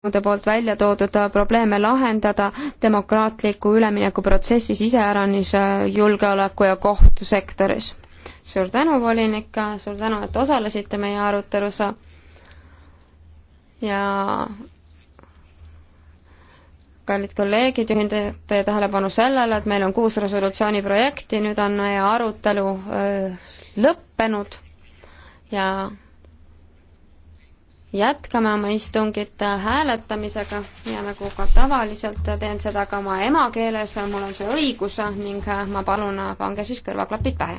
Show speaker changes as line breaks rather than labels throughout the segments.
võimude poolt välja toodud äh, probleeme lahendada demokraatliku ülemineku protsessis iseäranis äh, julgeoleku ja kohtusektoris. suur tänu, volinik, suur tänu, et osalesite meie arutelus ja kallid kolleegid, juhin teie tähelepanu sellele, et meil on kuus resolutsiooni projekti, nüüd on meie arutelu öö, äh, lõppenud ja jätkame oma istungit hääletamisega ja nagu ka tavaliselt teen seda ka oma emakeeles, mul on see õigus ning ma palun, pange siis kõrvaklapid pähe.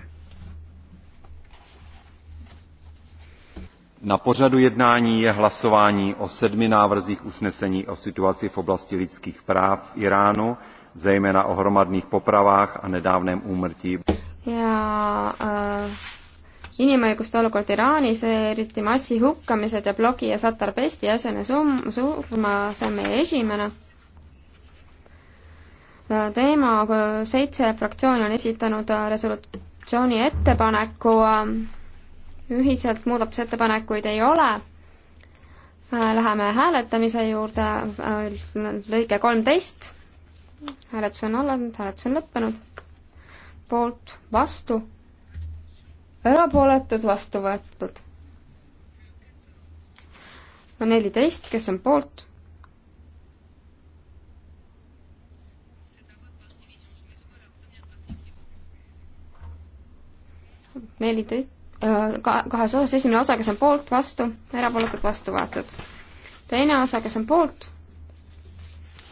Na pořadu jednání je hlasování o sedmi návrzích usnesení o situaci v oblasti lidských práv v Iránu, zejména o hromadných popravách a nedávném úmrtí. Ja, äh inimõiguste olukord Iraanis, eriti massihukkamised ja blogija Satar Pesti äsjane surm, surma, see on meie esimene teema, seitse fraktsiooni on esitanud äh, resolutsiooni ettepaneku, äh, ühiselt muudatusettepanekuid ei ole äh, Läheme hääletamise juurde, lõige kolmteist, hääletus on alanud, hääletus on lõppenud, poolt, vastu erapooletud, vastu võetud. neliteist, kes on poolt? neliteist, äh, kahes osas, esimene osa, kes on poolt, vastu, erapooletud, vastu võetud. teine osa, kes on poolt,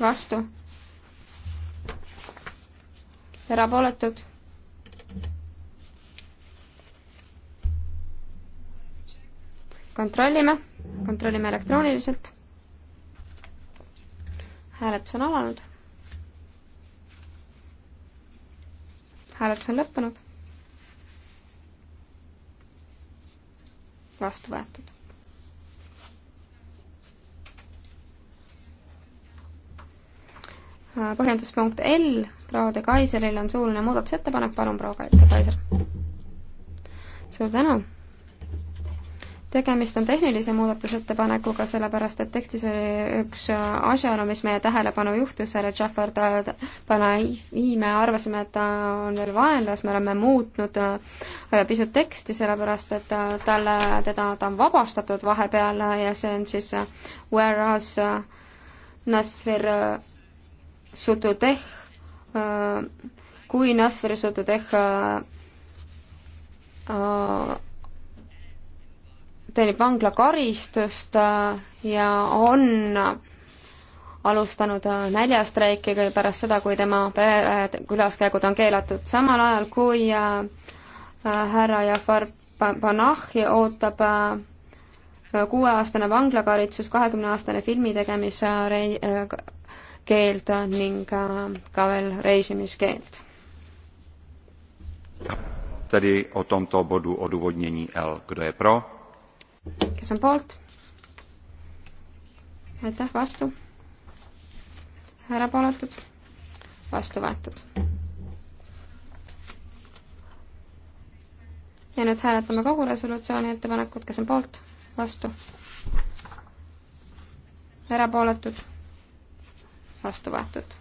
vastu, erapooletud kontrollime, kontrollime elektrooniliselt. hääletus on alanud. hääletus on lõppenud. vastu võetud. põhjenduspunkt L, proua de Kaiseril on suuline muudatusettepanek, palun proua de Kaiser. suur tänu tegemist on tehnilise muudatusettepanekuga, sellepärast et tekstis oli üks asjaolu, mis meie tähelepanu juhtus, härra Jafar Panahi, me arvasime, et ta on veel vaenlas, me oleme muutnud äh, pisut teksti, sellepärast et äh, talle, teda, ta on vabastatud vahepeal ja see on siis äh, whereas Nasser Sutudeh, kui Nasser Sutudeh teenib vanglakaristust äh, ja on alustanud äh, näljastreiki pärast seda, kui tema pere äh, külaskäigud on keelatud, samal ajal kui härra Jafar Panahi ootab kuueaastane vanglakaristus, kahekümneaastane filmi tegemise keeld ning ka veel reisimiskeeld. Tedy o tomto bodu odůvodnění L. Kdo je pro? kes on poolt? aitäh, vastu. erapooletud, vastu võetud. ja nüüd hääletame kogu resolutsiooni ettepanekut, kes on poolt, vastu, erapooletud, vastu võetud.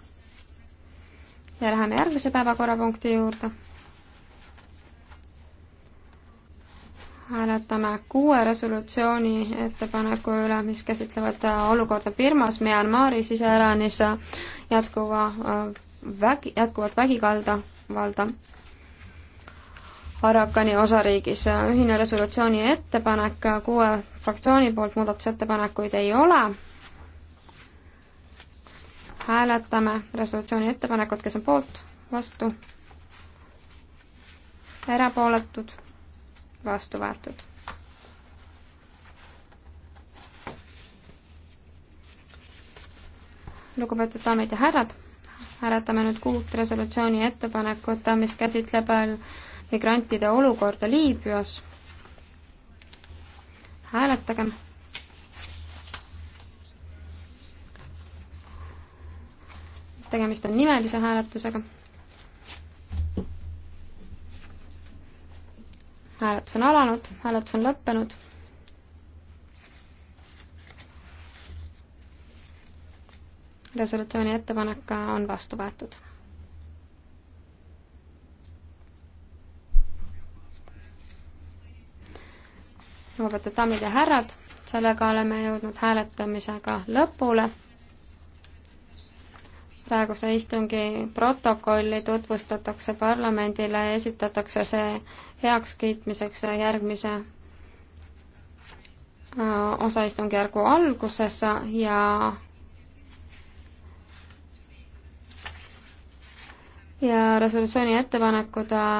ja läheme järgmise päevakorrapunkti juurde hääletame kuue resolutsiooni ettepaneku üle, mis käsitlevad äh, olukorda Birmas, Myanmari siseäranis jätkuva äh, vägi, jätkuvat vägikalda, valda Arakani osariigis. ühine resolutsiooni ettepanek, kuue fraktsiooni poolt muudatusettepanekuid ei ole. hääletame resolutsiooni ettepanekut, kes on poolt, vastu, erapooletud vastu võetud. lugupeetud daamid ja härrad, hääletame nüüd kuut resolutsiooni ettepanekut, mis käsitleb migrantide olukorda Liibüas. hääletagem tegemist on nimelise hääletusega on alanud, hääletus on lõppenud. resolutsiooni ettepanek on vastu võetud. lugupeetud daamid ja härrad, sellega oleme jõudnud hääletamisega lõpule praeguse istungi protokolli tutvustatakse parlamendile ja esitatakse see heakskiitmiseks järgmise äh, osa istungjärgu alguses ja ja resolutsiooni ettepanekud äh,